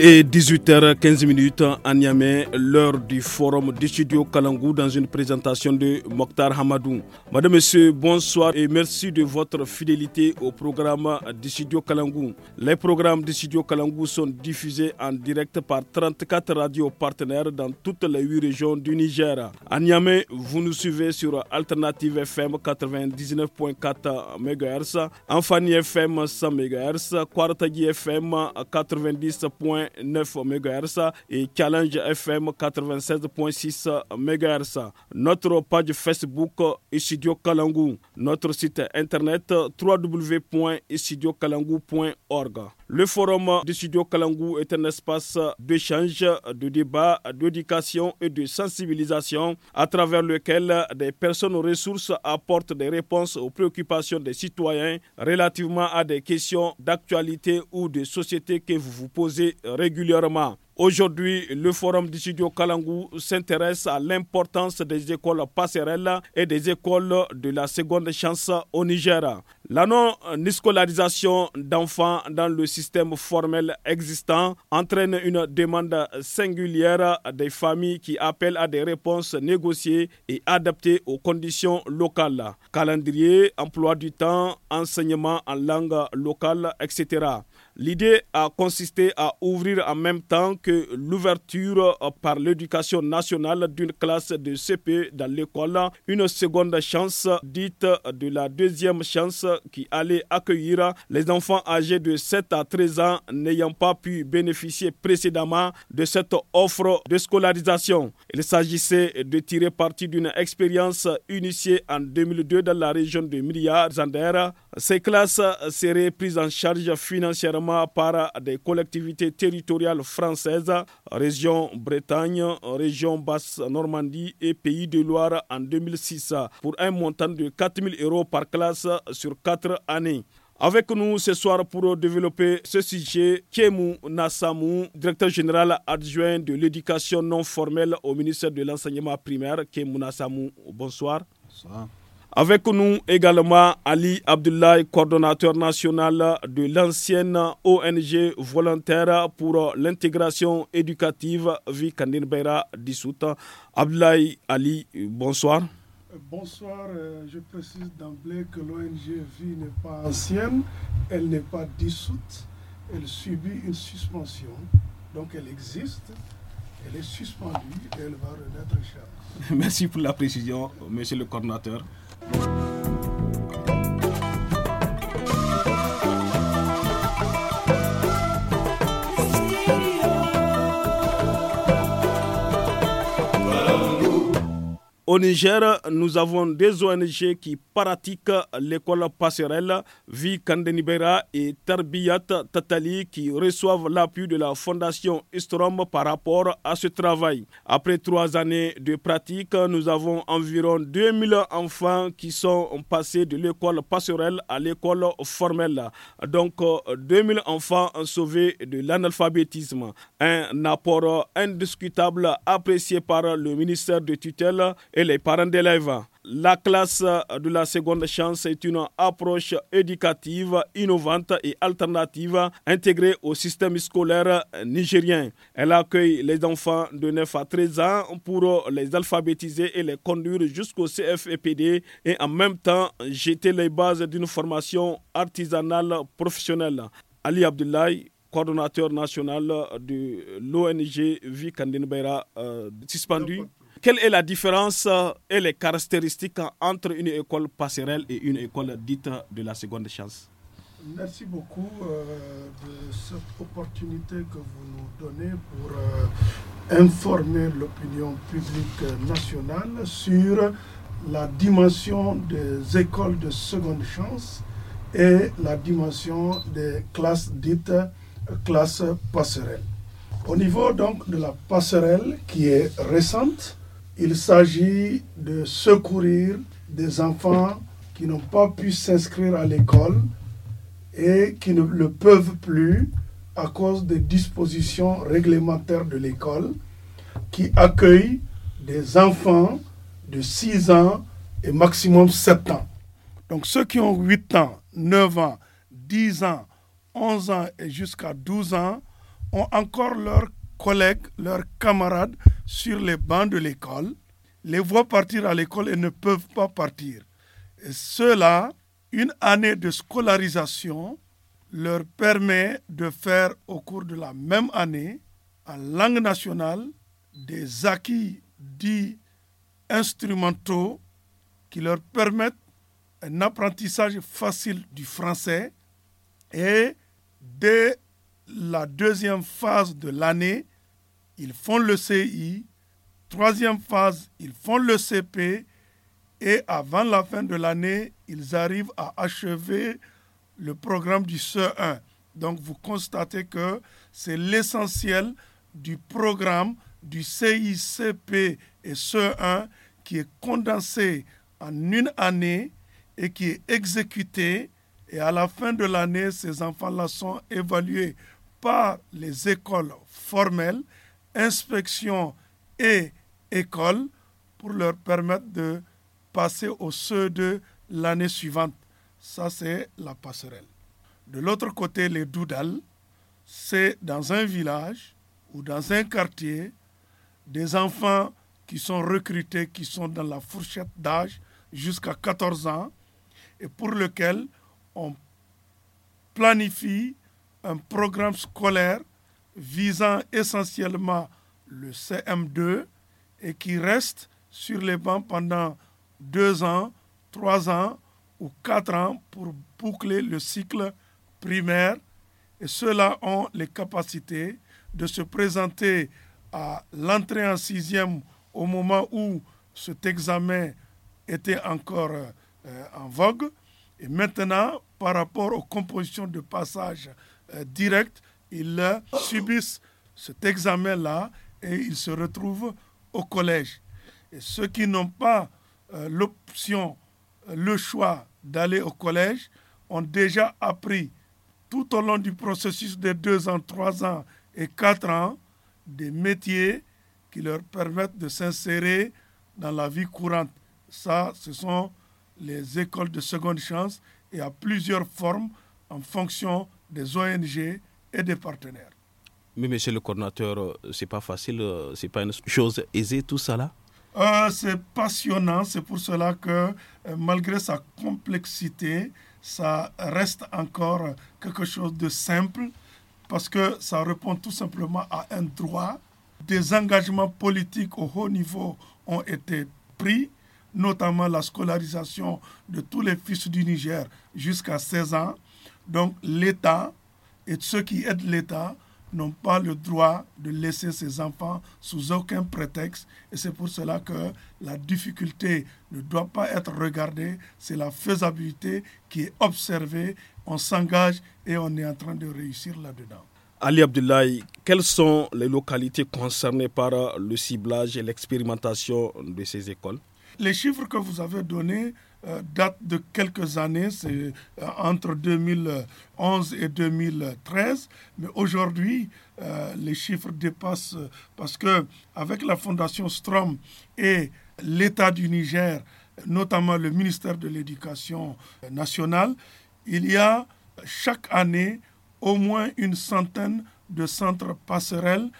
Il est 18h15 à Niamey, l'heure du forum du studio Kalangou dans une présentation de Mokhtar Hamadou. Madame, Monsieur, bonsoir et merci de votre fidélité au programme du studio Kalangou. Les programmes de studio Kalangou sont diffusés en direct par 34 radios partenaires dans toutes les 8 régions du Niger. À Niamey, vous nous suivez sur Alternative FM 99.4 MHz, Enfani FM 100 MHz, Kwartagi FM 90. 9 MHz et Challenge FM 96.6 MHz. Notre page Facebook Studio Kalangu. Notre site internet www.studiokalangu.org. Le forum du studio Kalangou est un espace d'échange, de débat, d'éducation et de sensibilisation à travers lequel des personnes aux ressources apportent des réponses aux préoccupations des citoyens relativement à des questions d'actualité ou de société que vous vous posez régulièrement. Aujourd'hui, le forum du studio Kalangou s'intéresse à l'importance des écoles passerelles et des écoles de la seconde chance au Niger. La non-scolarisation d'enfants dans le système formel existant entraîne une demande singulière des familles qui appellent à des réponses négociées et adaptées aux conditions locales. Calendrier, emploi du temps, enseignement en langue locale, etc. L'idée a consisté à ouvrir en même temps que l'ouverture euh, par l'éducation nationale d'une classe de CP dans l'école une seconde chance dite de la deuxième chance qui allait accueillir les enfants âgés de 7 à 13 ans n'ayant pas pu bénéficier précédemment de cette offre de scolarisation. Il s'agissait de tirer parti d'une expérience initiée en 2002 dans la région de Miria Zander. Ces classes seraient prises en charge financièrement par des collectivités territoriales françaises, région Bretagne, région Basse-Normandie et Pays de Loire en 2006, pour un montant de 4 000 euros par classe sur quatre années. Avec nous ce soir pour développer ce sujet, Kemu Nassamou, directeur général adjoint de l'éducation non formelle au ministère de l'enseignement primaire. Kemu Nassamou, bonsoir. Bonsoir. Avec nous également Ali Abdoulaye, coordonnateur national de l'ancienne ONG volontaire pour l'intégration éducative vie Beira dissoute Abdoulaye Ali, bonsoir. Bonsoir, euh, je précise d'emblée que l'ONG Vie n'est pas ancienne, elle n'est pas dissoute, elle subit une suspension. Donc elle existe, elle est suspendue et elle va renaître Merci pour la précision, monsieur le coordinateur. Au Niger, nous avons des ONG qui pratique l'école passerelle Vi Kandenibera et Tarbiyat Tatali qui reçoivent l'appui de la Fondation Estrom par rapport à ce travail. Après trois années de pratique, nous avons environ 2000 enfants qui sont passés de l'école passerelle à l'école formelle. Donc 2000 enfants sauvés de l'analphabétisme. Un apport indiscutable apprécié par le ministère de tutelle et les parents d'élèves. La classe de la seconde chance est une approche éducative innovante et alternative intégrée au système scolaire nigérien. Elle accueille les enfants de 9 à 13 ans pour les alphabétiser et les conduire jusqu'au CFEPD et en même temps jeter les bases d'une formation artisanale professionnelle. Ali Abdoulaye, coordonnateur national de l'ONG Vie euh, suspendu quelle est la différence euh, et les caractéristiques entre une école passerelle et une école dite de la seconde chance Merci beaucoup euh, de cette opportunité que vous nous donnez pour euh, informer l'opinion publique nationale sur la dimension des écoles de seconde chance et la dimension des classes dites classes passerelles. Au niveau donc de la passerelle qui est récente, il s'agit de secourir des enfants qui n'ont pas pu s'inscrire à l'école et qui ne le peuvent plus à cause des dispositions réglementaires de l'école qui accueille des enfants de 6 ans et maximum 7 ans. Donc ceux qui ont 8 ans, 9 ans, 10 ans, 11 ans et jusqu'à 12 ans ont encore leur collègues, leurs camarades sur les bancs de l'école, les voient partir à l'école et ne peuvent pas partir. Et cela, une année de scolarisation leur permet de faire au cours de la même année, en langue nationale, des acquis dits instrumentaux qui leur permettent un apprentissage facile du français et des la deuxième phase de l'année, ils font le CI. Troisième phase, ils font le CP. Et avant la fin de l'année, ils arrivent à achever le programme du CE1. Donc vous constatez que c'est l'essentiel du programme du CP et CE1 qui est condensé en une année et qui est exécuté. Et à la fin de l'année, ces enfants-là sont évalués par les écoles formelles, inspection et écoles pour leur permettre de passer au ceux de l'année suivante. Ça, c'est la passerelle. De l'autre côté, les doudales, c'est dans un village ou dans un quartier des enfants qui sont recrutés, qui sont dans la fourchette d'âge jusqu'à 14 ans et pour lesquels on planifie un programme scolaire visant essentiellement le CM2 et qui reste sur les bancs pendant deux ans, trois ans ou quatre ans pour boucler le cycle primaire. Et ceux-là ont les capacités de se présenter à l'entrée en sixième au moment où cet examen était encore euh, en vogue. Et maintenant, par rapport aux compositions de passage euh, direct, ils subissent cet examen-là et ils se retrouvent au collège. Et ceux qui n'ont pas euh, l'option, euh, le choix d'aller au collège, ont déjà appris tout au long du processus de deux ans, trois ans et quatre ans des métiers qui leur permettent de s'insérer dans la vie courante. Ça, ce sont les écoles de seconde chance et à plusieurs formes en fonction des ONG et des partenaires. Mais monsieur le coordinateur, euh, c'est pas facile, euh, c'est pas une chose aisée tout ça là euh, C'est passionnant, c'est pour cela que malgré sa complexité, ça reste encore quelque chose de simple parce que ça répond tout simplement à un droit. Des engagements politiques au haut niveau ont été pris, notamment la scolarisation de tous les fils du Niger jusqu'à 16 ans. Donc l'État et ceux qui aident l'État n'ont pas le droit de laisser ses enfants sous aucun prétexte. Et c'est pour cela que la difficulté ne doit pas être regardée, c'est la faisabilité qui est observée. On s'engage et on est en train de réussir là-dedans. Ali Abdoulaye, quelles sont les localités concernées par le ciblage et l'expérimentation de ces écoles Les chiffres que vous avez donnés euh, date de quelques années, c'est euh, entre 2011 et 2013. Mais aujourd'hui, euh, les chiffres dépassent parce que avec la fondation Strom et l'État du Niger, notamment le ministère de l'Éducation nationale, il y a chaque année au moins une centaine de centres passerelles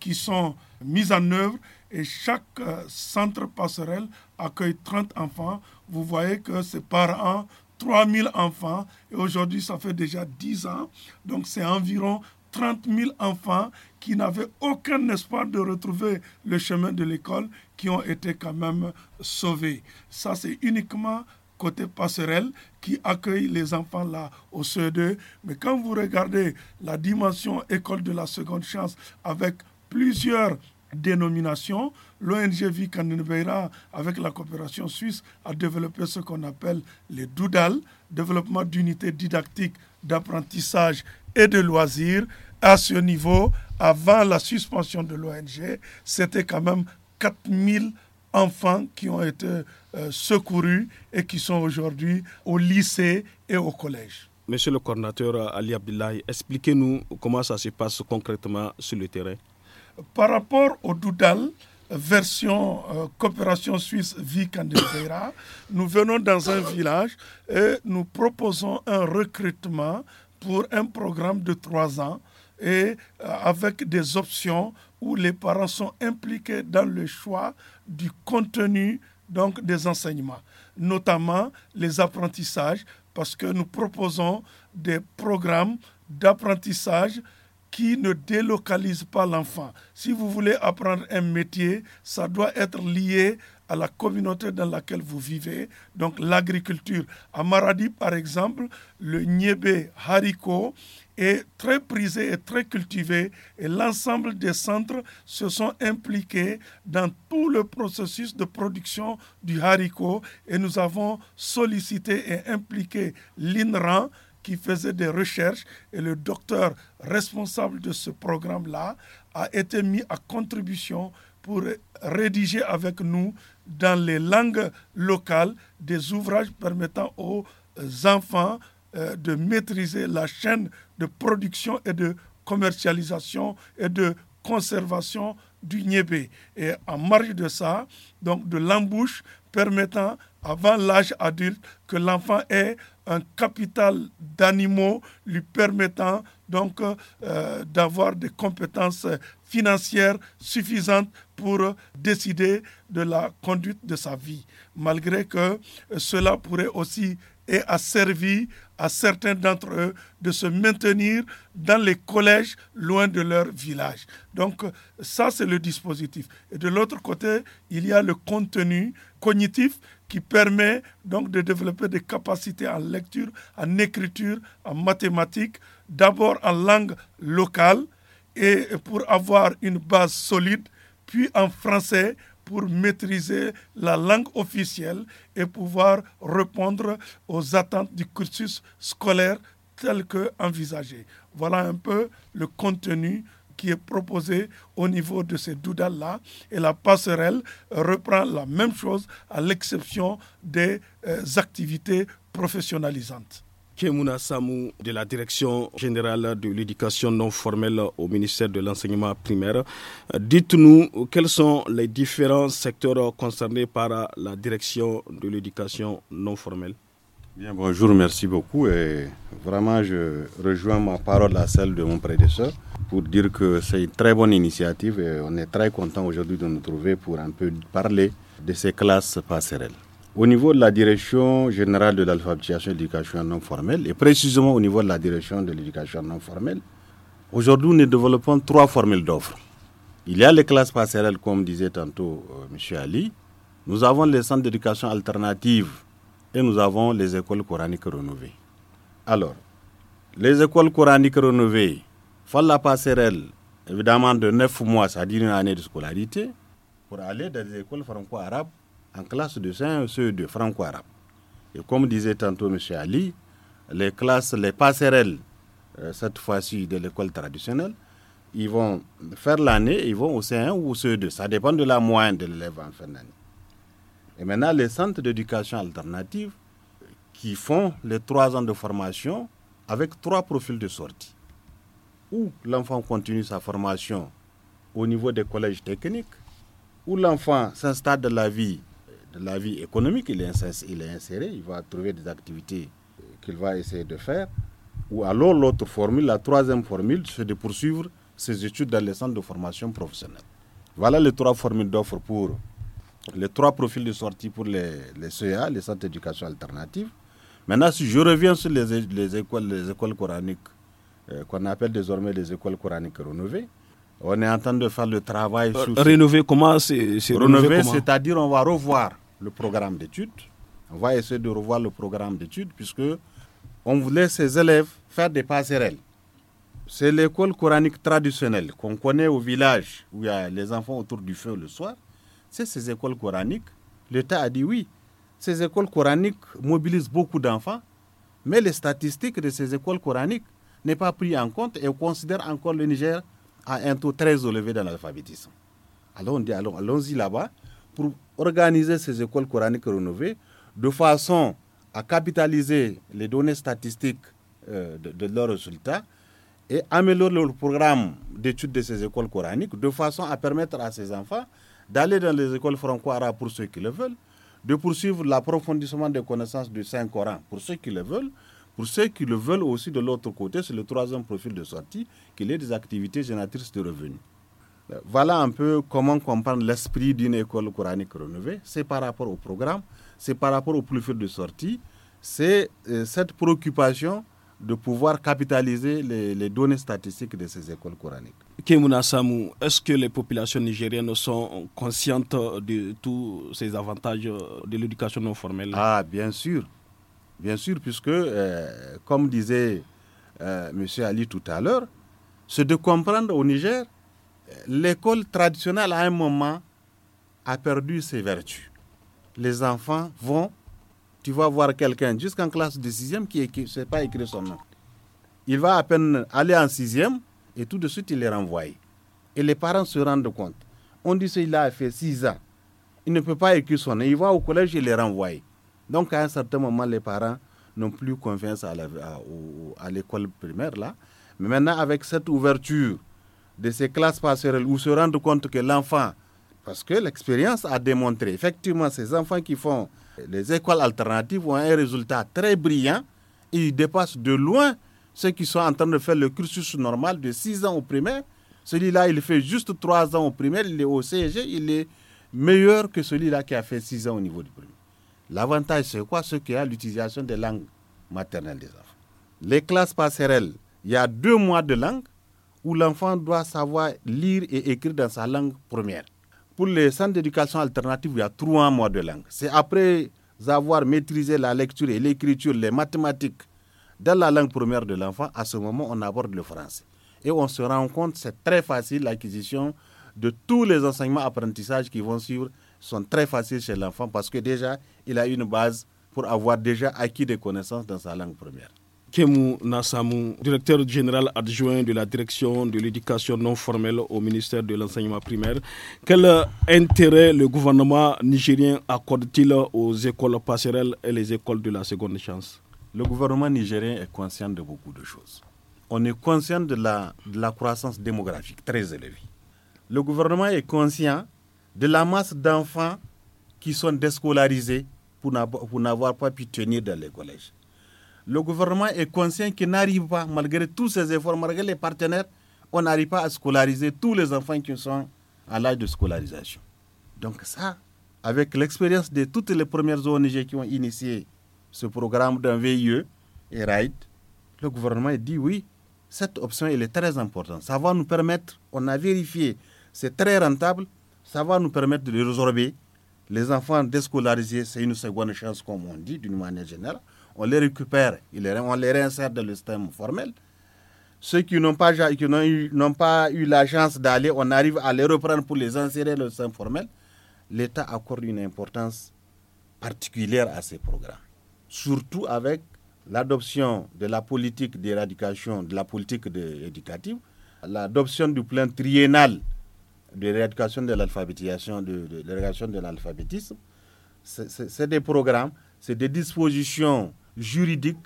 qui sont mis en œuvre et chaque euh, centre passerelle accueille 30 enfants. Vous voyez que c'est par an 3000 enfants et aujourd'hui ça fait déjà 10 ans. Donc c'est environ 30 000 enfants qui n'avaient aucun espoir de retrouver le chemin de l'école qui ont été quand même sauvés. Ça c'est uniquement côté passerelle qui accueille les enfants là au CE2. Mais quand vous regardez la dimension école de la seconde chance avec plusieurs dénomination, l'ONG Vie avec la coopération suisse, a développé ce qu'on appelle les DOUDAL, développement d'unités didactiques d'apprentissage et de loisirs. À ce niveau, avant la suspension de l'ONG, c'était quand même 4000 enfants qui ont été euh, secourus et qui sont aujourd'hui au lycée et au collège. Monsieur le coordinateur Ali Abdullahi, expliquez-nous comment ça se passe concrètement sur le terrain. Par rapport au Doudal, version euh, coopération suisse vie nous venons dans un village et nous proposons un recrutement pour un programme de trois ans et euh, avec des options où les parents sont impliqués dans le choix du contenu donc des enseignements, notamment les apprentissages, parce que nous proposons des programmes d'apprentissage qui ne délocalise pas l'enfant. Si vous voulez apprendre un métier, ça doit être lié à la communauté dans laquelle vous vivez, donc l'agriculture. À Maradi, par exemple, le niébé haricot est très prisé et très cultivé et l'ensemble des centres se sont impliqués dans tout le processus de production du haricot et nous avons sollicité et impliqué l'INRAN qui faisait des recherches et le docteur responsable de ce programme-là a été mis à contribution pour rédiger avec nous dans les langues locales des ouvrages permettant aux enfants euh, de maîtriser la chaîne de production et de commercialisation et de conservation du niébé. Et en marge de ça, donc de l'embouche permettant avant l'âge adulte que l'enfant ait un capital d'animaux lui permettant donc euh, d'avoir des compétences financières suffisantes pour décider de la conduite de sa vie, malgré que cela pourrait aussi et a servi à certains d'entre eux de se maintenir dans les collèges loin de leur village. Donc ça, c'est le dispositif. Et de l'autre côté, il y a le contenu cognitif qui permet donc de développer des capacités en lecture, en écriture, en mathématiques, d'abord en langue locale et pour avoir une base solide, puis en français pour maîtriser la langue officielle et pouvoir répondre aux attentes du cursus scolaire tel que Voilà un peu le contenu qui est proposé au niveau de ces doudas là Et la passerelle reprend la même chose à l'exception des euh, activités professionnalisantes. Kemuna Samu, de la Direction générale de l'éducation non formelle au ministère de l'enseignement primaire. Euh, dites-nous quels sont les différents secteurs concernés par la direction de l'éducation non formelle. Bien, bonjour, merci beaucoup. Et vraiment, je rejoins ma parole à celle de mon prédécesseur pour dire que c'est une très bonne initiative et on est très content aujourd'hui de nous trouver pour un peu parler de ces classes passerelles au niveau de la direction générale de l'alphabétisation et de l'éducation non formelle, et précisément au niveau de la direction de l'éducation non formelle, aujourd'hui nous développons trois formules d'offres. Il y a les classes passerelles, comme disait tantôt euh, M. Ali. Nous avons les centres d'éducation alternative et nous avons les écoles coraniques renouvelées. Alors, les écoles coraniques renouvelées font la passerelle, évidemment, de 9 mois, c'est-à-dire une année de scolarité, pour aller dans les écoles franco-arabes en classe de CE2 franco-arabe. Et comme disait tantôt M. Ali, les classes, les passerelles, euh, cette fois-ci de l'école traditionnelle, ils vont faire l'année, ils vont au CE1 ou au CE2. Ça dépend de la moyenne de l'élève en fin d'année. Et maintenant, les centres d'éducation alternative qui font les trois ans de formation avec trois profils de sortie. Où l'enfant continue sa formation au niveau des collèges techniques, où l'enfant s'installe de la vie la vie économique, il est, il est inséré, il va trouver des activités euh, qu'il va essayer de faire. Ou alors l'autre formule, la troisième formule, c'est de poursuivre ses études dans les centres de formation professionnelle. Voilà les trois formules d'offres pour les trois profils de sortie pour les, les CEA, les centres d'éducation alternative. Maintenant, si je reviens sur les, les écoles, les écoles coraniques, euh, qu'on appelle désormais les écoles coraniques rénovées, on est en train de faire le travail. Euh, rénover, comment c'est Rénover, c'est-à-dire on va revoir le programme d'études. On va essayer de revoir le programme d'études puisque on voulait ces élèves faire des passerelles. C'est l'école coranique traditionnelle qu'on connaît au village où il y a les enfants autour du feu le soir. C'est ces écoles coraniques. L'État a dit oui, ces écoles coraniques mobilisent beaucoup d'enfants, mais les statistiques de ces écoles coraniques n'est pas pris en compte et on considère encore le Niger à un taux très élevé dans l'alphabétisme. Alors on dit allons-y là-bas, pour organiser ces écoles coraniques rénovées de façon à capitaliser les données statistiques euh, de, leurs résultats et améliorer le programme d'études de ces écoles coraniques de façon à permettre à ces enfants d'aller dans les écoles franco-arabes pour ceux qui le veulent, de poursuivre l'approfondissement des connaissances du Saint-Coran pour ceux qui le veulent, pour ceux qui le veulent aussi de l'autre côté, c'est le troisième profil de sortie, qu'il y ait des activités génératrices de revenus. Voilà un peu comment comprendre l'esprit d'une école coranique renouvelée. C'est par rapport au programme, c'est par rapport au plus profil de sortie, c'est euh, cette préoccupation de pouvoir capitaliser les, données statistiques de ces écoles coraniques. Kemouna Samu, est-ce que les populations nigériennes sont conscientes de tous ces avantages de l'éducation non formelle Ah, bien sûr. Bien sûr, puisque, euh, comme disait euh, M. Ali tout à l'heure, c'est de comprendre au Niger l'école traditionnelle, à un moment, a perdu ses vertus. Les enfants vont, tu vas voir quelqu'un jusqu'en classe de sixième qui ne sait pas écrire son nom. Il va à peine aller en sixième et tout de suite il est renvoyé. Et les parents se rendent compte. On dit qu'il a fait six ans. Il ne peut pas écrire son nom. Il va au collège et il est renvoyé. Donc à un certain moment, les parents n'ont plus confiance à l'école primaire là. Mais maintenant, avec cette ouverture de ces classes passerelles ou se rendre compte que l'enfant, parce que l'expérience a démontré, effectivement, ces enfants qui font les écoles alternatives ont un résultat très brillant, et ils dépassent de loin ceux qui sont en train de faire le cursus normal de 6 ans au primaire. Celui-là, il fait juste 3 ans au primaire, il est au CEG, il est meilleur que celui-là qui a fait 6 ans au niveau du primaire. L'avantage, c'est quoi ce' qu'il y a l'utilisation des langues maternelles des enfants. Les classes passerelles, il y a deux mois de langue, où l'enfant doit savoir lire et écrire dans sa langue première. Pour les centres d'éducation alternative, il y a trois mois de langue. C'est après avoir maîtrisé la lecture et l'écriture, les mathématiques dans la langue première de l'enfant, à ce moment, on aborde le français. Et on se rend compte, c'est très facile, l'acquisition de tous les enseignements apprentissages qui vont suivre sont très faciles chez l'enfant parce que déjà, il a une base pour avoir déjà acquis des connaissances dans sa langue première. Kemou Nassamou, directeur général adjoint de la direction de l'éducation non formelle au ministère de l'enseignement primaire. Quel euh, intérêt le gouvernement nigérien accorde-t-il aux écoles passerelles et les écoles de la seconde chance Le gouvernement nigérien est conscient de beaucoup de choses. On est conscient de la, de la croissance démographique très élevée. Le gouvernement est conscient de la masse d'enfants qui sont déscolarisés pour n'avoir pas pu tenir dans les collèges. Le gouvernement est conscient qu'il n'arrive pas, malgré tous ses efforts, malgré les partenaires, on n'arrive pas à scolariser tous les enfants qui sont à l'âge de scolarisation. Donc ça, avec l'expérience de toutes les premières ONG qui ont initié ce programme d'un VIE et RIDE, le gouvernement dit oui, cette option elle est très importante. Ça va nous permettre, on a vérifié, c'est très rentable, ça va nous permettre de résorber. Les enfants déscolarisés, c'est une seconde chance, comme on dit, d'une manière générale on les récupère, on les réinsère dans le système formel. Ceux qui n'ont pas, eu, pas eu la chance d'aller, on arrive à les reprendre pour les insérer dans le système formel. L'État accorde une importance particulière à ces programmes, surtout avec l'adoption de la politique d'éradication, de la politique éducative, l'adoption du plan triennal de rééducation de l'alphabétisation, de, de de l'alphabétisme. C'est des programmes, c'est des dispositions juridique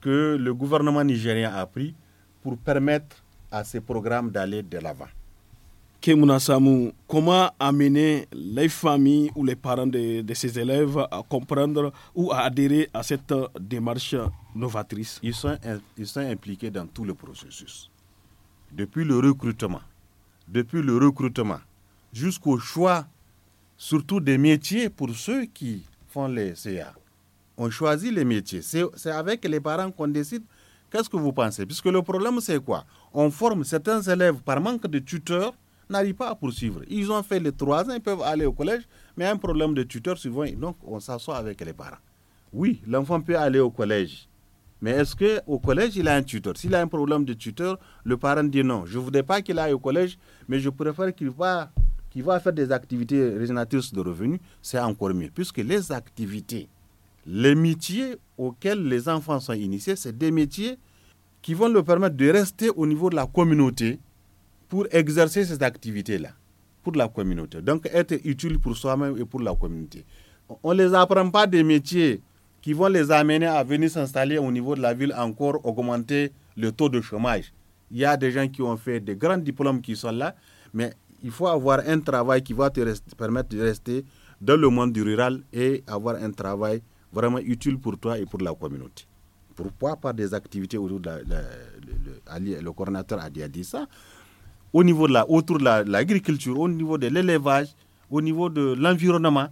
que le gouvernement nigérien a pris pour permettre à ces programmes d'aller de l'avant. Kemuna Samu, comment amener les familles ou les parents de, ces élèves à comprendre ou à adhérer à cette démarche novatrice ils sont, ils sont impliqués dans tout le processus. Depuis le recrutement, depuis le recrutement jusqu'au choix, surtout des métiers pour ceux qui font les CA on choisit les métiers. C'est avec les parents qu'on décide. Qu'est-ce que vous pensez Puisque le problème, c'est quoi On forme certains élèves par manque de tuteurs, n'arrivent pas à poursuivre. Ils ont fait les trois ans, ils peuvent aller au collège, mais un problème de tuteur souvent, donc on s'assoit avec les parents. Oui, l'enfant peut aller au collège, mais est-ce qu'au collège, il a un tuteur S'il a un problème de tuteur, le parent dit non, je ne voudrais pas qu'il aille au collège, mais je préfère qu'il va, va faire des activités régénératrices de revenus, c'est encore mieux, puisque les activités les métiers auxquels les enfants sont initiés, c'est des métiers qui vont leur permettre de rester au niveau de la communauté pour exercer ces activités-là, pour la communauté. Donc être utile pour soi-même et pour la communauté. On ne les apprend pas des métiers qui vont les amener à venir s'installer au niveau de la ville, encore augmenter le taux de chômage. Il y a des gens qui ont fait des grands diplômes qui sont là, mais il faut avoir un travail qui va te permettre de rester dans le monde du rural et avoir un travail vraiment utile pour toi et pour la communauté. Pourquoi pas des activités autour de le, coordinateur a dit, ça. Au niveau de l'agriculture, au niveau de l'élevage, au niveau de l'environnement,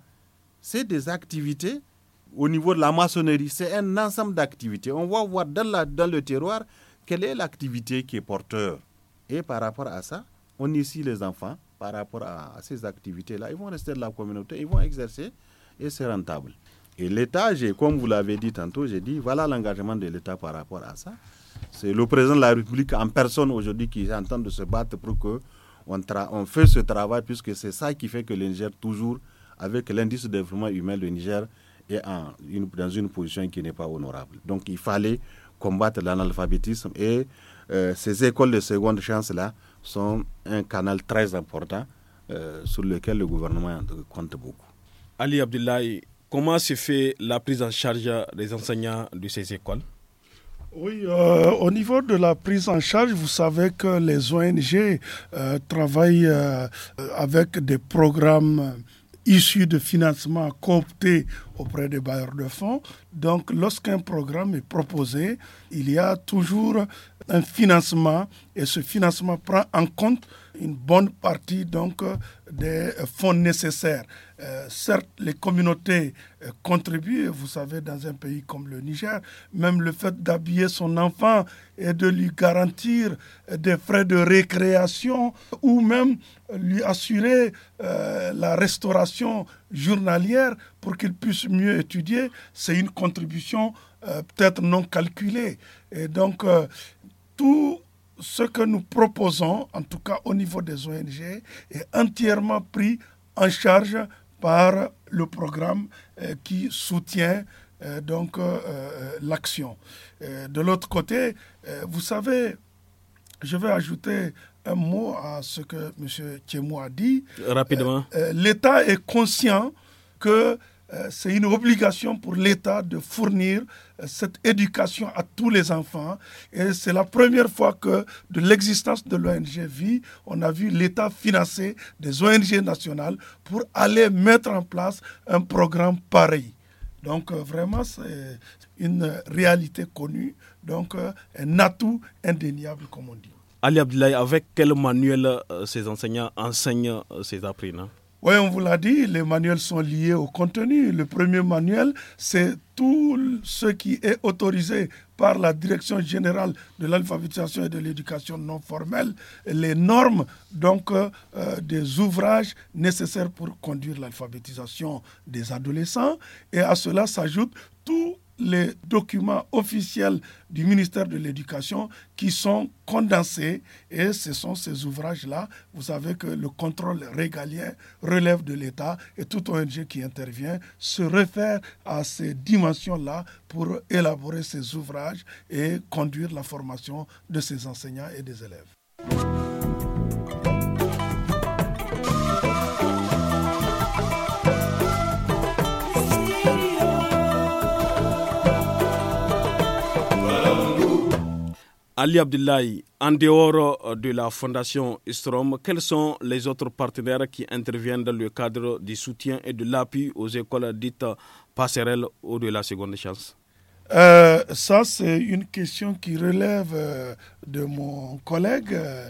c'est des activités. Au niveau de la maçonnerie, c'est un ensemble d'activités. On va voir dans, le terroir quelle est l'activité qui est porteur. Et par rapport à ça, on ici les enfants par rapport à, ces activités-là. Ils vont rester de la communauté, ils vont exercer et c'est rentable. Et l'État, comme vous l'avez dit tantôt, j'ai dit, voilà l'engagement de l'État par rapport à ça. C'est le président de la République en personne aujourd'hui qui est en train de se battre pour qu'on on, fait ce travail, puisque c'est ça qui fait que le Niger, toujours, avec l'indice de développement humain, le Niger est dans une position qui n'est pas honorable. Donc il fallait combattre l'analphabétisme et euh, ces écoles de seconde chance-là sont un canal très important euh, sur lequel le gouvernement compte beaucoup. Ali Abdullahi. Comment se fait la prise en charge des enseignants de ces écoles oui, euh, au niveau de la prise en charge, vous savez que les ONG euh, travaillent euh, avec des programmes issus de financements cooptés auprès des bailleurs de fonds. Donc, lorsqu'un programme est proposé, il y a toujours un financement et ce financement prend en compte une bonne partie donc des fonds nécessaires. Euh, certes, les communautés euh, contribuent, vous savez, dans un pays comme le Niger, même le fait d'habiller son enfant et de lui garantir euh, des frais de récréation ou même lui assurer la restauration journalière pour qu'il puisse mieux étudier, c'est une contribution peut-être non calculée. Et donc, tout ce que nous proposons, en tout cas au niveau des ONG, est entièrement pris en charge par le programme euh, qui soutient euh, donc euh, l'action. de l'autre côté, vous savez, je vais ajouter un mot à ce que M. Tchemou a dit. Rapidement. L'État est conscient que euh, c'est une obligation pour l'État de fournir euh, cette éducation à tous les enfants. Et c'est la première fois que de l'existence de l'ONG Vie, on a vu l'État financer des ONG nationales pour aller mettre en place un programme pareil. Donc euh, vraiment, c'est une réalité connue, donc un atout indéniable, comme on dit. Ali Abdoulaye, avec quel manuel ces enseignants enseignent ces apprenants oui, on vous l'a dit, les manuels sont liés au contenu. Le premier manuel, c'est tout ce qui est autorisé par la Direction générale de l'alphabétisation et de l'éducation non formelle, les normes donc euh, euh, des ouvrages nécessaires pour conduire l'alphabétisation des adolescents. Et à cela s'ajoute tout les documents officiels du ministère de l'Éducation qui sont condensés et ce sont ces ouvrages-là. Vous savez que le contrôle régalien relève de l'État et tout ONG qui intervient se réfère à ces dimensions-là pour élaborer ces ouvrages et conduire la formation de ses enseignants et des élèves. Ali Abdullahi, en dehors de la Fondation Strom, quels sont les autres partenaires qui interviennent dans le cadre du soutien et de l'appui aux écoles dites passerelles ou de la seconde chance euh, ça, c'est une question qui relève euh, de mon collègue, euh,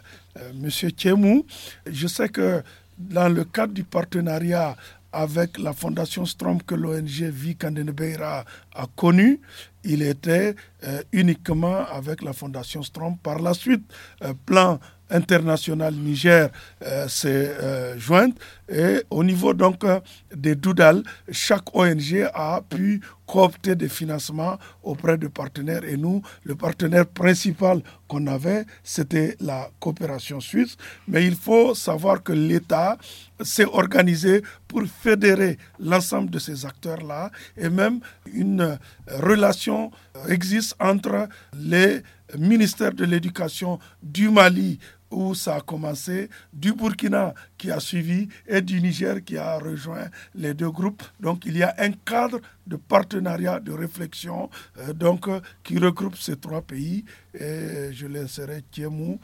M. Je sais que dans le cadre du partenariat avec la fondation Strom que l'ONG Vikandenbeira a connue. Il était euh, uniquement avec la fondation Strom. Par la suite, euh, plein. International Niger euh, s'est euh, jointe. Et au niveau donc euh, des Doudal, chaque ONG a pu coopter des financements auprès de partenaires. Et nous, le partenaire principal qu'on avait, c'était la coopération suisse. Mais il faut savoir que l'État s'est organisé pour fédérer l'ensemble de ces acteurs-là. Et même une relation existe entre les ministères de l'éducation du Mali où ça a commencé, du Burkina qui a suivi et du Niger qui a rejoint les deux groupes. Donc il y a un cadre de partenariat, de réflexion euh, donc, euh, qui regroupe ces trois pays. Et je laisserai Thiemou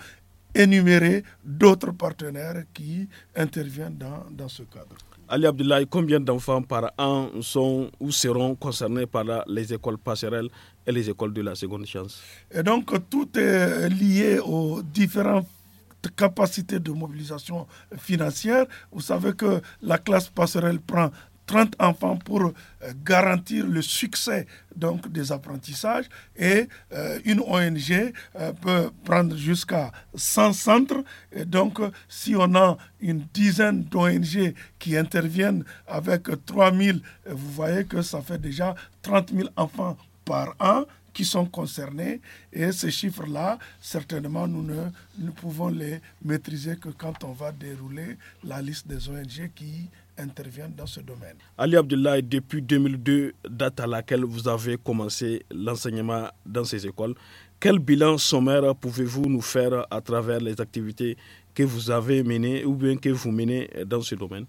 énumérer d'autres partenaires qui interviennent dans, ce cadre. Ali Abdoulaye, combien d'enfants par an sont ou seront concernés par les écoles passerelles et les écoles de la seconde chance Et donc, tout est lié aux différents capacité de mobilisation financière. Vous savez que la classe passerelle prend 30 enfants pour euh, garantir le succès donc, des apprentissages et euh, une ONG euh, peut prendre jusqu'à 100 centres. donc, si on a une dizaine d'ONG qui interviennent avec 3 000, vous voyez que ça fait déjà 30 000 enfants par an qui sont concernés. Et ces chiffres-là, certainement, nous ne nous pouvons les maîtriser que quand on va dérouler la liste des ONG qui interviennent dans ce domaine. Ali Abdullah, depuis 2002, date à laquelle vous avez commencé l'enseignement dans ces écoles, quel bilan sommaire pouvez-vous nous faire à travers les activités que vous avez menées ou bien que vous menez dans ce domaine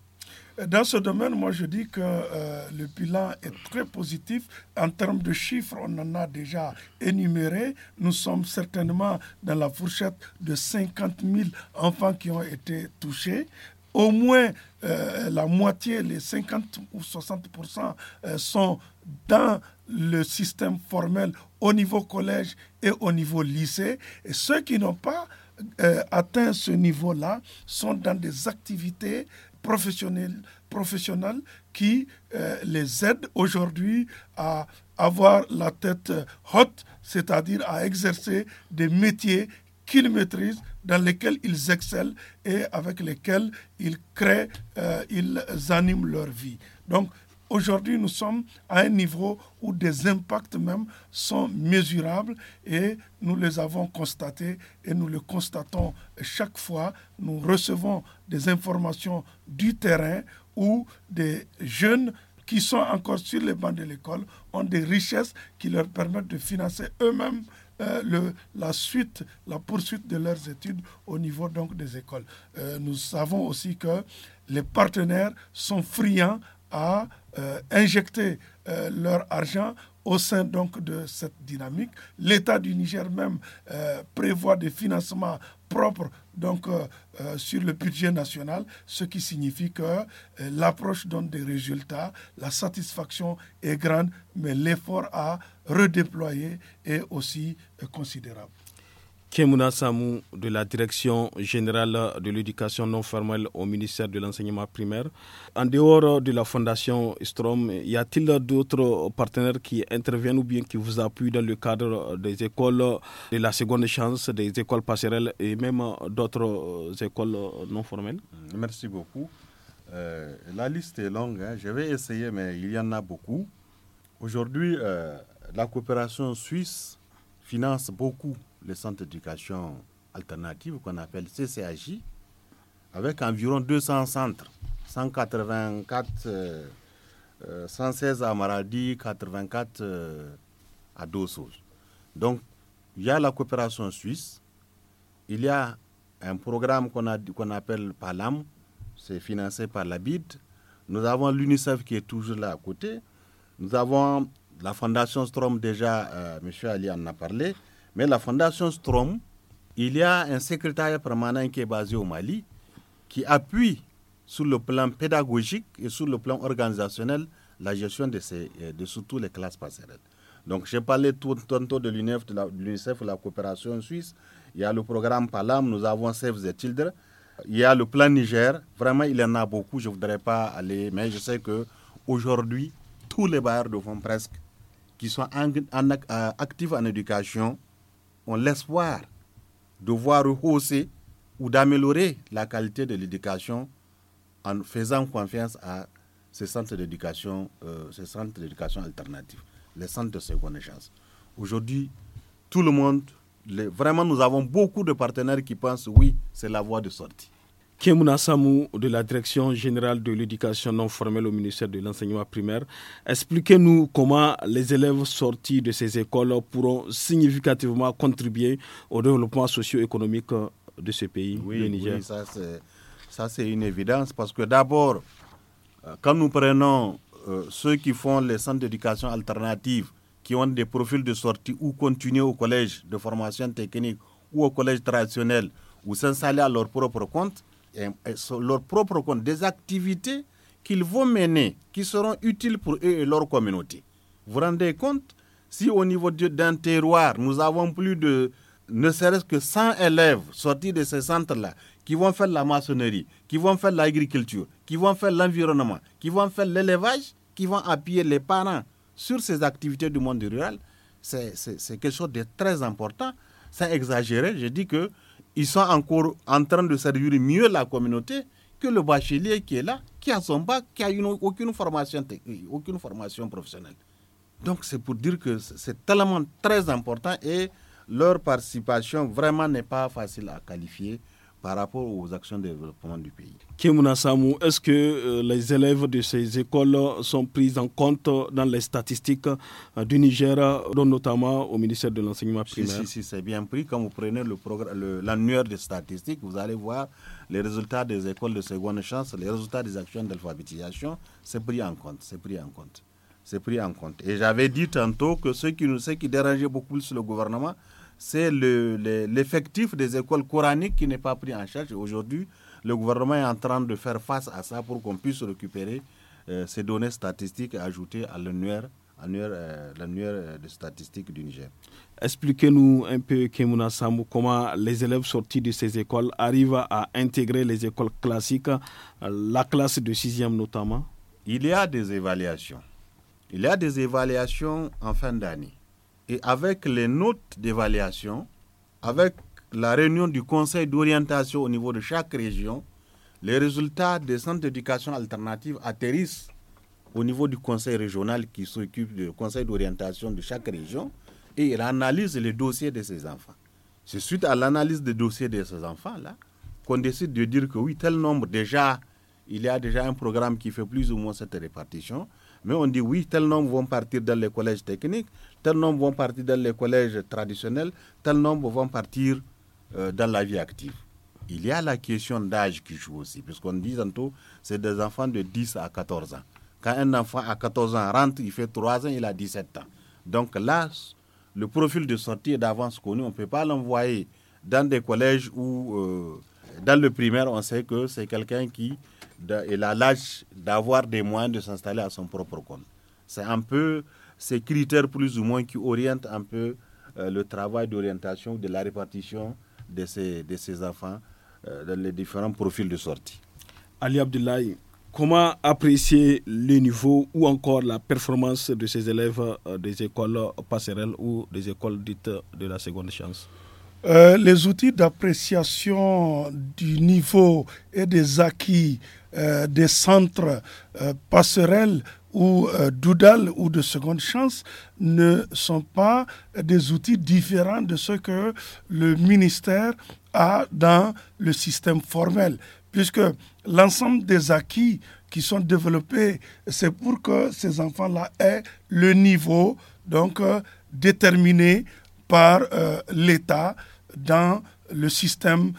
dans ce domaine, moi je dis que euh, le bilan est très positif. En termes de chiffres, on en a déjà énuméré. Nous sommes certainement dans la fourchette de 50 000 enfants qui ont été touchés au moins euh, la moitié, les 50 ou 60 euh, sont dans le système formel au niveau collège et au niveau lycée. Et ceux qui n'ont pas atteint ce niveau-là sont dans des activités professionnels, qui euh, les aident aujourd'hui à avoir la tête euh, haute, c'est-à-dire à exercer des métiers qu'ils maîtrisent, dans lesquels ils excellent et avec lesquels ils créent, euh, ils animent leur vie. Donc, Aujourd'hui, nous sommes à un niveau où des impacts même sont mesurables et nous les avons constatés et nous le constatons chaque fois. Nous recevons des informations du terrain où des jeunes qui sont encore sur les bancs de l'école ont des richesses qui leur permettent de financer eux-mêmes euh, le, la suite, la poursuite de leurs études au niveau donc des écoles. Euh, nous savons aussi que les partenaires sont friands à euh, injecter euh, leur argent au sein donc de cette dynamique. L'État du Niger même euh, prévoit des financements propres donc sur le budget national, ce qui signifie que l'approche donne des résultats, la satisfaction est grande, mais l'effort à redéployer est aussi considérable. Kemuna Samou de la Direction générale de l'éducation non formelle au ministère de l'enseignement primaire. En dehors de la fondation Strom, y a-t-il d'autres partenaires qui interviennent ou bien qui vous appuient dans le cadre des écoles de la seconde chance, des écoles passerelles et même d'autres écoles non formelles Merci beaucoup. Euh, la liste est longue, hein. je vais essayer, mais il y en a beaucoup. Aujourd'hui, euh, la coopération suisse finance beaucoup le centre d'éducation alternative qu'on appelle CCAJ, avec environ 200 centres, 184, 116 euh, euh, à Maradi, 84 euh, à Dosso. Donc, il y a la coopération suisse, il y a un programme qu'on appelle PALAM, c'est financé par la Nous avons l'UNICEF qui est toujours là à côté. Nous avons la Fondation Strom, déjà, M. Ali en a parlé. Mais la fondation Strom, il y a un secrétariat permanent qui est basé au Mali, qui appuie sur le plan pédagogique et sur le plan organisationnel la gestion de, ces, euh, de surtout les classes passerelles. Donc j'ai parlé tout tantôt de l'UNICEF, de la coopération suisse. Il y a le programme PALAM, nous avons Save the Children. Il y a le plan Niger. Vraiment, il y en a beaucoup. Je ne voudrais pas aller, mais je sais que aujourd'hui, tous les bailleurs de fonds presque qui sont en, actifs en éducation on l'espoir de voir rehausser ou d'améliorer la qualité de l'éducation en faisant confiance à ces centres d'éducation, euh, ces d'éducation alternatifs, les centres de seconde chance. Aujourd'hui, tout le monde, vraiment, nous avons beaucoup de partenaires qui pensent oui, c'est la voie de sortie. Kemuna Samou de la Direction générale de l'éducation non formelle au ministère de l'enseignement primaire, expliquez-nous comment les élèves sortis de ces écoles pourront significativement contribuer au développement socio-économique de ce pays, oui, le Niger. Oui, ça c'est une évidence parce que d'abord, euh, quand nous prenons euh, ceux qui font les centres d'éducation alternative, qui ont des profils de sortie ou continuer au collège de formation technique ou au collège traditionnel ou s'installer à leur propre compte, leur propre compte des activités qu'ils vont mener, qui seront utiles pour eux et leur communauté. Vous vous rendez compte Si au niveau d'un terroir, nous avons plus de ne serait-ce que 100 élèves sortis de ces centres-là, qui vont faire la maçonnerie, qui vont faire l'agriculture, qui vont faire l'environnement, qui vont faire l'élevage, qui vont appuyer les parents sur ces activités du monde rural, c'est quelque chose de très important. Sans exagérer, je dis que ils sont encore en train de servir mieux la communauté que le bachelier qui est là, qui a son bac, qui a aucune formation technique, aucune formation professionnelle. Donc c'est pour dire que c'est tellement très important et leur participation vraiment n'est pas facile à qualifier par rapport aux actions de développement du pays. Kimouna est-ce que euh, les élèves de ces écoles sont pris en compte dans les statistiques euh, du Niger, notamment au ministère de l'Enseignement primaire Si, si, c'est bien pris. Quand vous prenez l'annuaire des statistiques, vous allez voir les résultats des écoles de seconde chance, les résultats des actions d'alphabétisation, c'est pris en compte. C'est pris en compte. C'est pris en compte. Et j'avais dit tantôt que ce qui, sait qui dérangeait beaucoup plus le gouvernement, c'est l'effectif des écoles coraniques qui n'est pas pris en charge. Aujourd'hui, le gouvernement est en train de faire face à ça pour qu'on puisse récupérer euh, ces données statistiques ajoutées à l'annuaire euh, euh, de statistiques du Niger. Expliquez-nous un peu, Kemouna Samou, comment les élèves sortis de ces écoles arrivent à intégrer les écoles classiques, la classe de sixième notamment Il y a des évaluations. Il y a des évaluations en fin d'année et avec les notes d'évaluation, avec la réunion du conseil d'orientation au niveau de chaque région, les résultats des centres d'éducation alternative atterrissent au niveau du conseil régional qui s'occupe du conseil d'orientation de chaque région et il analyse les dossiers de ces enfants. C'est suite à l'analyse des dossiers de ces enfants-là qu'on décide de dire que oui, tel nombre déjà, il y a déjà un programme qui fait plus ou moins cette répartition, mais on dit oui, tel nombre vont partir dans les collèges techniques, Tel nombre vont partir dans les collèges traditionnels, tel nombre vont partir euh, dans la vie active. Il y a la question d'âge qui joue aussi, puisqu'on dit tantôt, c'est des enfants de 10 à 14 ans. Quand un enfant à 14 ans rentre, il fait 3 ans, il a 17 ans. Donc là, le profil de sortie est d'avance connu. On ne peut pas l'envoyer dans des collèges où, euh, dans le primaire, on sait que c'est quelqu'un qui a l'âge d'avoir des moyens de s'installer à son propre compte. C'est un peu ces critères plus ou moins qui orientent un peu euh, le travail d'orientation de la répartition de ces, de ces enfants euh, dans les différents profils de sortie. Ali Abdoulaye, comment apprécier le niveau ou encore la performance de ces élèves euh, des écoles passerelles ou des écoles dites de la seconde chance les outils d'appréciation du niveau et des acquis des centres passerelles ou euh, doudal ou de seconde chance ne sont pas des outils différents de ce que le ministère a dans le système formel, puisque l'ensemble des acquis qui sont développés, c'est pour que ces enfants-là aient le niveau donc euh, déterminé par euh, l'État dans le système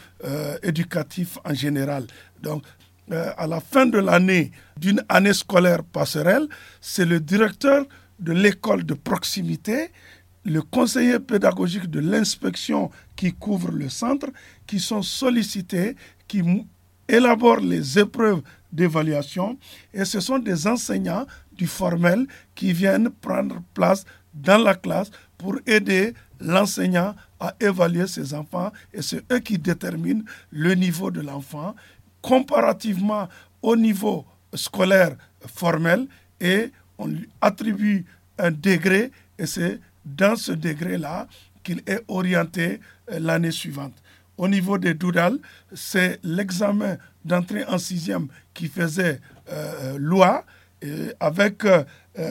éducatif en général. Donc euh, à la fin de l'année d'une année scolaire passerelle, c'est le directeur de l'école de proximité, le conseiller pédagogique de l'inspection qui couvre le centre, qui sont sollicités, qui élaborent les épreuves d'évaluation et ce sont des enseignants du formel qui viennent prendre place dans la classe pour aider l'enseignant à évaluer ses enfants et c'est eux qui déterminent le niveau de l'enfant comparativement au niveau scolaire formel et on lui attribue un degré et c'est dans ce degré-là qu'il est orienté euh, l'année suivante. Au niveau des Doudal, c'est l'examen d'entrée en sixième qui faisait euh, loi avec euh,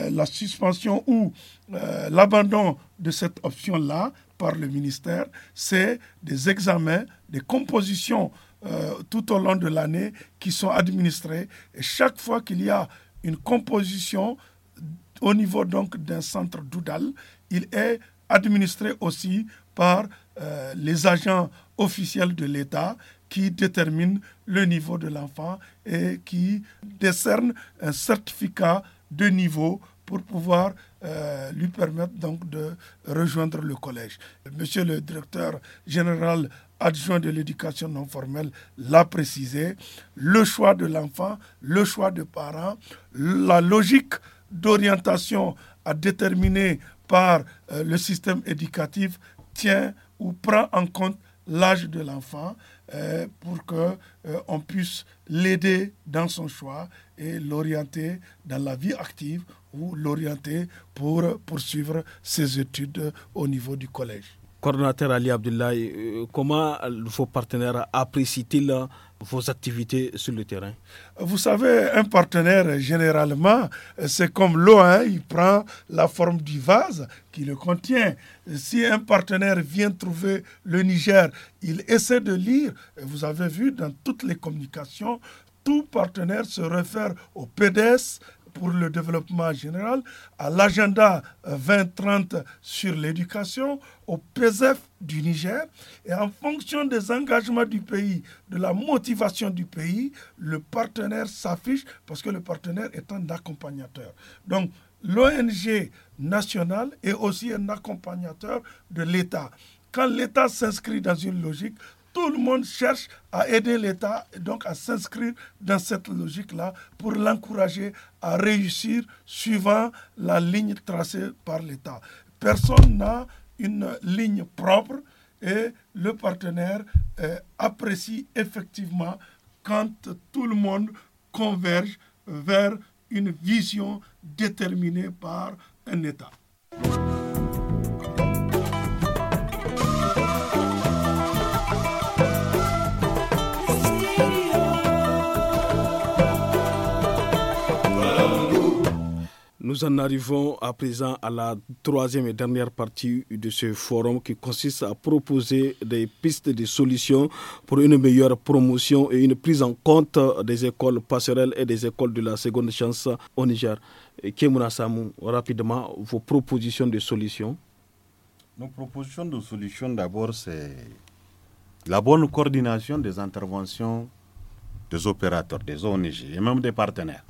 la suspension ou l'abandon de cette option-là par le ministère. C'est des examens, des compositions euh, tout au long de l'année qui sont administrés. Et chaque fois qu'il y a une composition au niveau donc d'un centre d'Oudal, il est administré aussi par euh, les agents officiels de l'État qui déterminent le niveau de l'enfant et qui décernent un certificat de niveau pour pouvoir euh, lui permettre donc de rejoindre le collège. Monsieur le directeur général adjoint de l'éducation non formelle l'a précisé, le choix de l'enfant, le choix de parents, la logique d'orientation à déterminer par euh, le système éducatif tient ou prend en compte l'âge de l'enfant euh, pour que euh, on puisse l'aider dans son choix et l'orienter dans la vie active ou l'orienter pour poursuivre ses études au niveau du collège. Coordinateur Ali Abdullah, euh, comment vos partenaires apprécient-ils vos activités sur le terrain Vous savez, un partenaire, généralement, c'est comme l'eau, il prend la forme du vase qui le contient. Si un partenaire vient trouver le Niger, il essaie de lire, vous avez vu dans toutes les communications, tout partenaire se réfère au PDS, pour le développement général, à l'agenda 2030 euh, sur l'éducation, au PSF du Niger. Et en fonction des engagements du pays, de la motivation du pays, le partenaire s'affiche parce que le partenaire est un accompagnateur. Donc, l'ONG nationale est aussi un accompagnateur de l'État. Quand l'État s'inscrit dans une logique, tout le monde cherche à aider l'État, et donc à s'inscrire dans cette logique-là pour l'encourager à réussir suivant la ligne tracée par l'État. Personne n'a une ligne propre et le partenaire euh, apprécie effectivement quand tout le monde converge euh, vers une vision déterminée par un État. Nous en arrivons à présent à la troisième et dernière partie de ce forum qui consiste à proposer des pistes de solutions pour une meilleure promotion et une prise en compte des écoles passerelles et des écoles de la seconde chance au Niger. Kemuna Samou, rapidement, vos propositions de solutions. Nos propositions de solutions, d'abord, c'est la bonne coordination des interventions des opérateurs, des ONG et même des partenaires.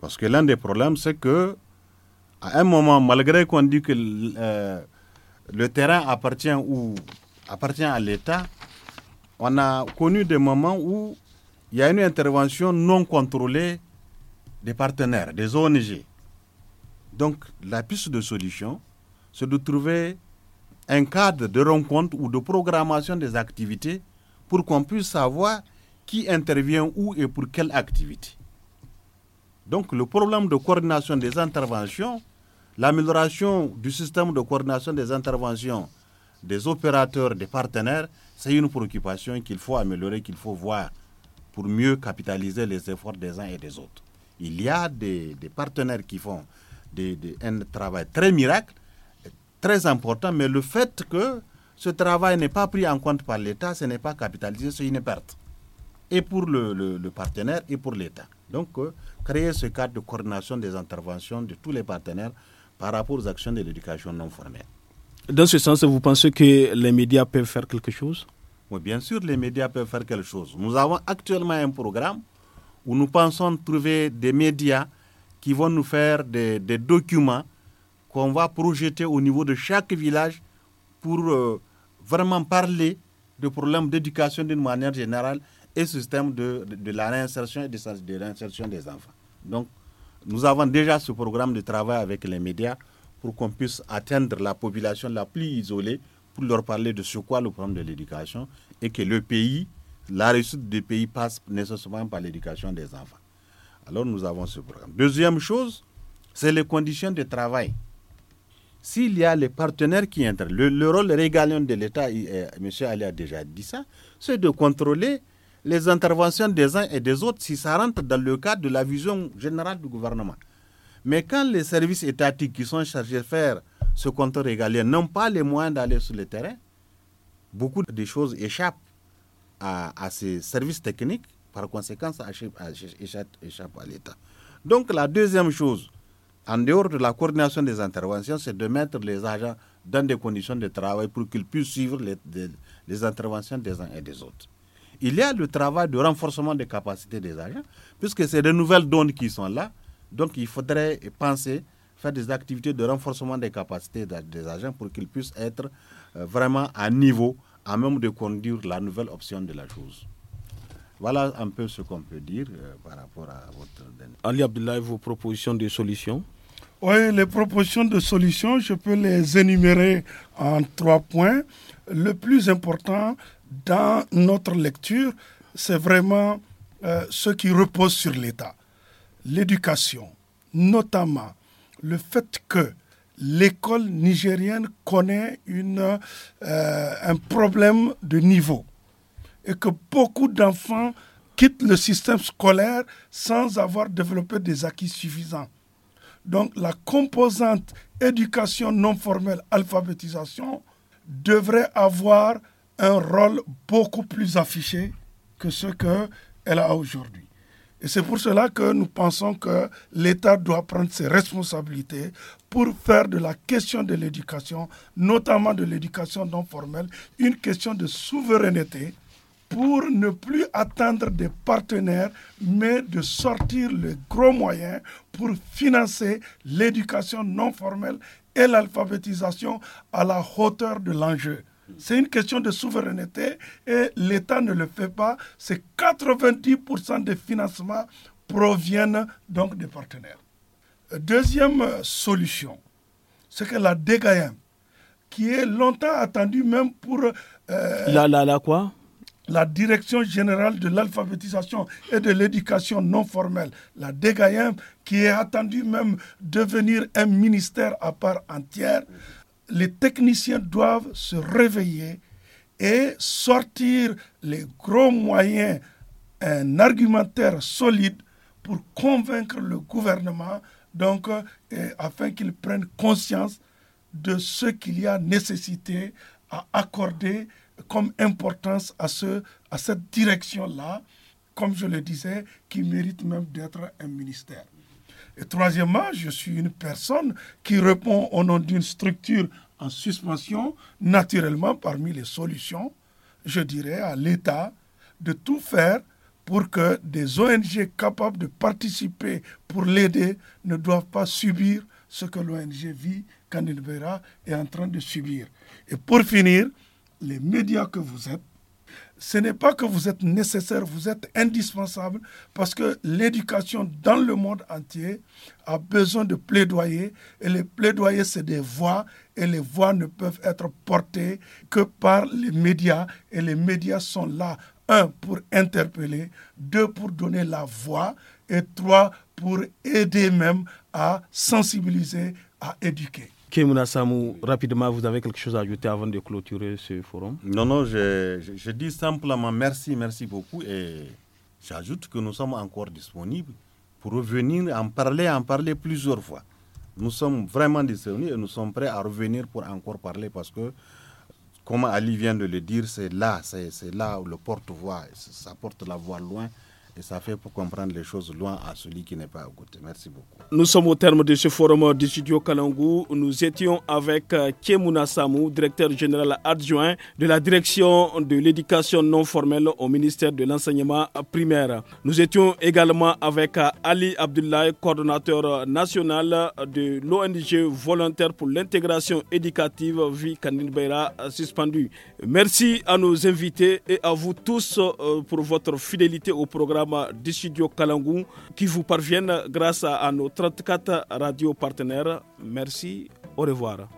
Parce que l'un des problèmes, c'est que, à un moment, malgré qu'on dit que euh, le terrain appartient, ou, appartient à l'État, on a connu des moments où il y a une intervention non contrôlée des partenaires, des ONG. Donc, la piste de solution, c'est de trouver un cadre de rencontre ou de programmation des activités pour qu'on puisse savoir qui intervient où et pour quelle activité. Donc le problème de coordination des interventions, l'amélioration du système de coordination des interventions des opérateurs, des partenaires, c'est une préoccupation qu'il faut améliorer, qu'il faut voir pour mieux capitaliser les efforts des uns et des autres. Il y a des, partenaires qui font un travail très miracle, très important, mais le fait que ce travail n'est pas pris en compte par l'État, ce n'est pas capitalisé, c'est une perte. Et pour le partenaire et pour l'État. Donc, euh, créer ce cadre de coordination des interventions de tous les partenaires par rapport aux actions de l'éducation non formelle. Dans ce sens, vous pensez que les médias peuvent faire quelque chose Oui, bien sûr, les médias peuvent faire quelque chose. Nous avons actuellement un programme où nous pensons trouver des médias qui vont nous faire des, documents qu'on va projeter au niveau de chaque village pour euh, vraiment parler de problèmes d'éducation d'une manière générale et ce système de, de, la réinsertion et de, de réinsertion des enfants. Donc, nous avons déjà ce programme de travail avec les médias pour qu'on puisse atteindre la population la plus isolée pour leur parler de ce quoi le problème de l'éducation et que le pays, la réussite du pays passe nécessairement par l'éducation des enfants. Alors nous avons ce programme. Deuxième chose, c'est les conditions de travail. S'il y a les partenaires qui entrent, le, rôle régalien de l'État, M. Ali a déjà dit ça, c'est de contrôler les interventions des uns et des autres si ça rentre dans le cadre de la vision générale du gouvernement. Mais quand les services étatiques qui sont chargés de faire ce compte régalien n'ont pas les moyens d'aller sur le terrain, beaucoup de choses échappent à, ces services techniques, par conséquent, ça échappe, à l'État. Donc la deuxième chose, en dehors de la coordination des interventions, c'est de mettre les agents dans des conditions de travail pour qu'ils puissent suivre les interventions des uns et des autres il y a le travail de renforcement des capacités des agents, puisque c'est de nouvelles donnes qui sont là. Donc il faudrait penser, faire des activités de renforcement des capacités des agents pour qu'ils puissent être euh, vraiment à niveau, à même de conduire la nouvelle option de la chose. Voilà un peu ce qu'on peut dire euh, par rapport à votre... Ali Abdullah, vos propositions de solutions oui, les propositions de solutions, je peux les énumérer en trois points. Le plus important, dans notre lecture, c'est vraiment euh, ce qui repose sur l'État. L'éducation, notamment le fait que l'école nigérienne connaît euh, un problème de niveau et que beaucoup d'enfants quittent le système scolaire sans avoir développé des acquis suffisants. Donc la composante éducation non formelle, alphabétisation, devrait avoir un rôle beaucoup plus affiché que ce qu'elle a aujourd'hui. Et c'est pour cela que nous pensons que l'État doit prendre ses responsabilités pour faire de la question de l'éducation, notamment de l'éducation non formelle, une question de souveraineté pour ne plus attendre des partenaires, mais de sortir les gros moyens pour financer l'éducation non formelle et l'alphabétisation à la hauteur de l'enjeu. C'est une question de souveraineté et l'État ne le fait pas. C'est 90% des financements proviennent donc des partenaires. Deuxième solution, c'est que la DGAM, qui est longtemps attendue même pour... Euh, la, la, la quoi la Direction générale de l'alphabétisation et de l'éducation non formelle, la DGAM, qui est attendue même devenir un ministère à part entière, les techniciens doivent se réveiller et sortir les gros moyens, un argumentaire solide pour convaincre le gouvernement, donc, euh, afin qu'il prenne conscience de ce qu'il y a nécessité à accorder comme importance à, ce, à cette direction-là, comme je le disais, qui mérite même d'être un ministère. Et troisièmement, je suis une personne qui répond au nom d'une structure en suspension, naturellement parmi les solutions, je dirais, à l'État de tout faire pour que des ONG capables de participer pour l'aider ne doivent pas subir ce que l'ONG vit, verra est en train de subir. Et pour finir, les médias que vous êtes, ce n'est pas que vous êtes nécessaire, vous êtes indispensable parce que l'éducation dans le monde entier a besoin de plaidoyer et les plaidoyers, c'est des voix et les voix ne peuvent être portées que par les médias et les médias sont là, un, pour interpeller, deux, pour donner la voix et trois, pour aider même à sensibiliser, à éduquer. Kemuna rapidement, vous avez quelque chose à ajouter avant de clôturer ce forum Non, non, je, je, dis simplement merci, merci beaucoup. Et j'ajoute que nous sommes encore disponibles pour revenir en parler, en parler plusieurs fois. Nous sommes vraiment disponibles et nous sommes prêts à revenir pour encore parler parce que, comme Ali vient de le dire, c'est là, c'est là où le porte-voix, ça porte la voix loin. Et ça fait pour comprendre les choses loin à celui qui n'est pas à côté. Merci beaucoup. Nous sommes au terme de ce forum du studio Kalangou. Nous étions avec euh, Kemuna Samu, directeur général adjoint de la direction de l'éducation non formelle au ministère de l'enseignement primaire. Nous étions également avec euh, Ali Abdoulaye, coordonnateur national de l'ONG volontaire pour l'intégration éducative Vie Kanil Beira suspendu. Merci à nos invités et à vous tous euh, pour votre fidélité au programme studio qui vous parviennent grâce à nos 34 radios partenaires. Merci, au revoir.